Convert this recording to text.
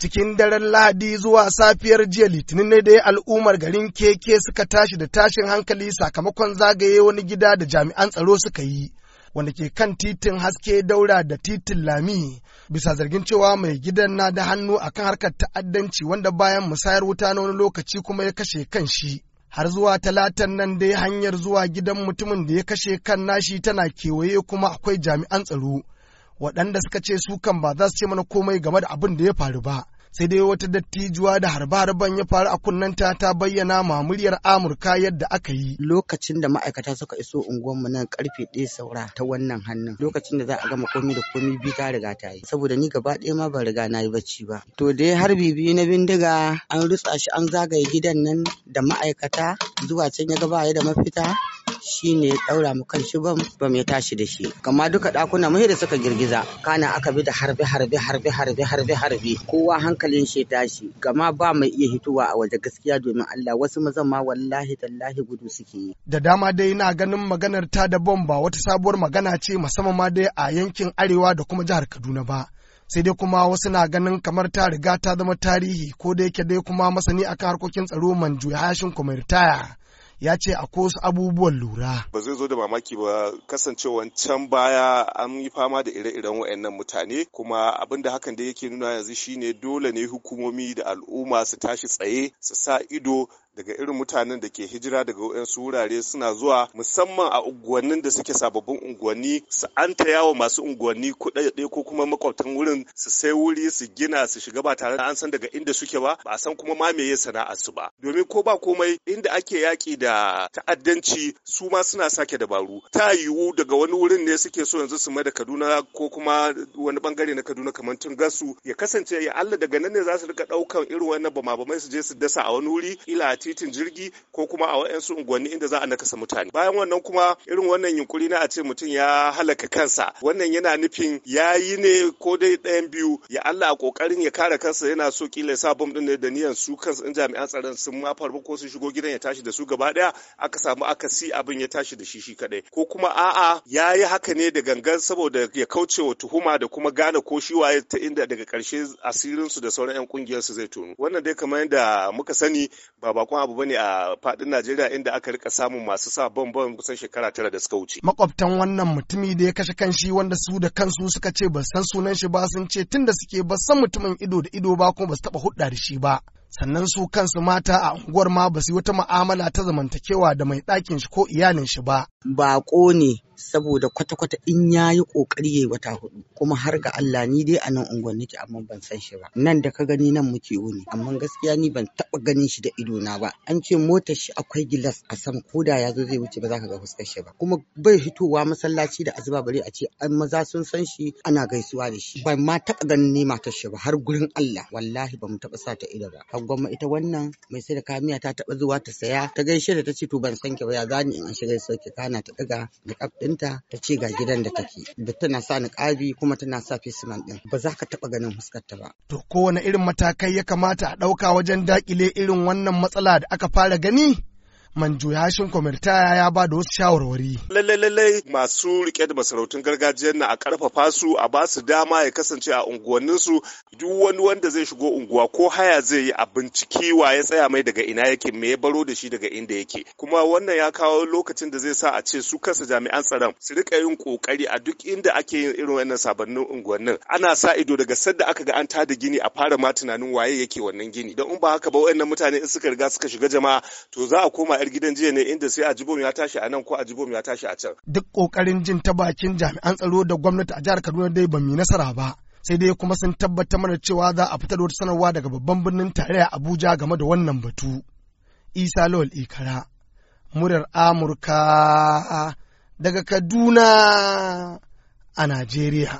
cikin daren lahadi zuwa safiyar jiya litinin ne dai al'ummar garin keke suka tashi da tashin hankali sakamakon zagaye wani gida da jami'an tsaro suka yi wanda ke kan titin haske daura da titin lami bisa zargin cewa mai gidan na da hannu akan harkar ta'addanci wanda bayan musayar wuta na wani lokaci kuma ya kashe kan shi har zuwa talatan nan dai hanyar zuwa gidan mutumin da ya kashe kan nashi tana kewaye kuma akwai jami'an tsaro waɗanda suka ce su kan ba za su ce mana komai game da abin da ya faru ba. Sai dai wata dattijuwa da harba-harban ya faru a kunnanta ta bayyana ma muryar Amurka yadda aka yi. Lokacin da ma'aikata suka iso unguwanmu nan karfe ɗaya saura ta wannan hannun. Lokacin da za a gama komi da komi biyu ta riga ta yi. Saboda ni gaba ɗaya ma ban riga na yi bacci ba. To dai harbi biyu na bindiga an rutsa shi an zagaye gidan nan da ma'aikata zuwa can ya gaba ya da mafita shine ne ya daura mu kan shi bam bam ya tashi da shi Gama duka dakuna mu da suka girgiza kana aka bi da harbe harbe harbe harbe harbe harbe kowa hankalin shi tashi Gama ba mai iya hituwa a waje gaskiya domin Allah wasu mazan ma wallahi tallahi gudu suke yi da dama dai na ganin maganar ta da bom ba wata sabuwar magana ce musamman ma dai a yankin arewa da kuma jihar Kaduna ba sai dai kuma wasu na ganin kamar ta riga ta zama tarihi ko da yake dai kuma masani akan harkokin tsaro manju hashin kuma ritaya ya ce akwai wasu abubuwan lura. Ba zai zo da mamaki ba kasancewan can baya an yi fama da ire-iren wayannan mutane kuma abin da hakan da yake nuna yanzu shine dole ne hukumomi da al'umma su tashi tsaye su sa ido daga irin mutanen da ke hijira daga wayansu wurare suna zuwa musamman a unguwannin da suke sababbin unguwanni su an yawa masu unguwanni kuɗaɗe ko kuma makwabtan wurin su sai wuri su gina su shiga ba tare da an san daga inda suke ba ba san kuma ma meye su ba domin ko ba komai inda ake yaƙi da da ta'addanci su ma suna sake dabaru ta yiwu daga wani wurin ne suke so yanzu su mai da kaduna ko kuma wani bangare na kaduna kamar tun gasu ya kasance ya allah daga nan ne za su rika daukan irin wannan bama su je su dasa a wani wuri ila a titin jirgi ko kuma a wa'ansu unguwanni inda za a nakasa mutane bayan wannan kuma irin wannan yunkuri na a ce mutum ya halaka kansa wannan yana nufin ya yi ne ko dai ɗayan biyu ya allah a ƙoƙarin ya kare kansa yana so kila ya sa bom ɗin ne da niyan su kansu in jami'an tsaron sun ma farko ko su shigo gidan ya tashi da su gaba daya aka samu akasi abin ya tashi da shi shi kadai ko kuma a'a ya yi haka ne da gangan saboda ya kauce wa tuhuma da kuma gane ko shi waye ta inda daga karshe asirin su da sauran yan kungiyar su zai tono wannan dai kamar yadda muka sani ba bakon abu bane a fadin Najeriya inda aka rika samun masu sa bambam kusan shekara tara da suka wuce makwabtan wannan mutumi da ya kashe kanshi wanda su da kansu suka ce ba san sunan shi ba sun ce tunda suke ba san mutumin ido da ido ba kuma ba su taba hudda da shi ba sannan su kansu mata a unguwar ma ba su yi wata ma'amala ta zamantakewa da mai ɗakin shi ko iyalin shi ba. Baƙo ne saboda kwata-kwata in ya yi ƙoƙari ya yi wata hudu kuma har ga Allah ni dai a nan unguwar nake amma ban san shi ba nan da ka gani nan muke wuni amma gaskiya ni ban taɓa ganin shi da ido na ba an ce motar shi akwai gilas a sama ko da ya zo zai wuce ba za ka ga fuskar shi ba kuma bai hitowa masallaci da azuba bare a ce an maza sun san shi ana gaisuwa da shi ban ma taɓa ganin ne matar shi ba har gurin Allah wallahi ba mu taɓa sa ta ido ba har gwamma ita wannan mai sai da kamiya ta taɓa zuwa ta saya ta gaishe da ta ce to ban san ki ba ya zani in an shiga sauke kana ta ɗaga da ɗinta ta ce ga gidan da take da tana sa ƙabi kuma tana sa fesiman ɗin ba za ka taɓa ganin fuskarta ba. To kowane irin matakai ya kamata a ɗauka wajen dakile irin wannan matsala da aka fara gani? manjo yashin kwamirtaya ya ba da wasu shawarwari. Lallai masu rike da masarautun gargajiyar na a karfafa su a ba su dama ya kasance a unguwanninsu duk wani wanda zai shigo unguwa ko haya zai yi a binciki wa ya tsaya mai daga ina yake me ya baro da shi daga inda yake. Kuma wannan ya kawo lokacin da zai sa a ce su kansa jami'an tsaron su rika yin kokari a duk inda ake yin irin wannan sabannin unguwannin. Ana sa ido daga sadda aka ga an tada gini a fara ma tunanin waye yake wannan gini. Don in ba haka ba waɗannan mutane in suka riga suka shiga jama'a to za a koma jama'ar gidan jiya ne inda sai a ji ya tashi a nan ko a ji ya tashi a can. Duk ƙoƙarin jin ta bakin jami'an tsaro da gwamnati a jihar Kaduna dai ba mu nasara ba. sai dai kuma sun tabbatar mana cewa za a fitar wata sanarwa daga babban birnin tarayya Abuja game da wannan batu. Isa Lawal Ikara, murar Amurka daga Kaduna a Najeriya.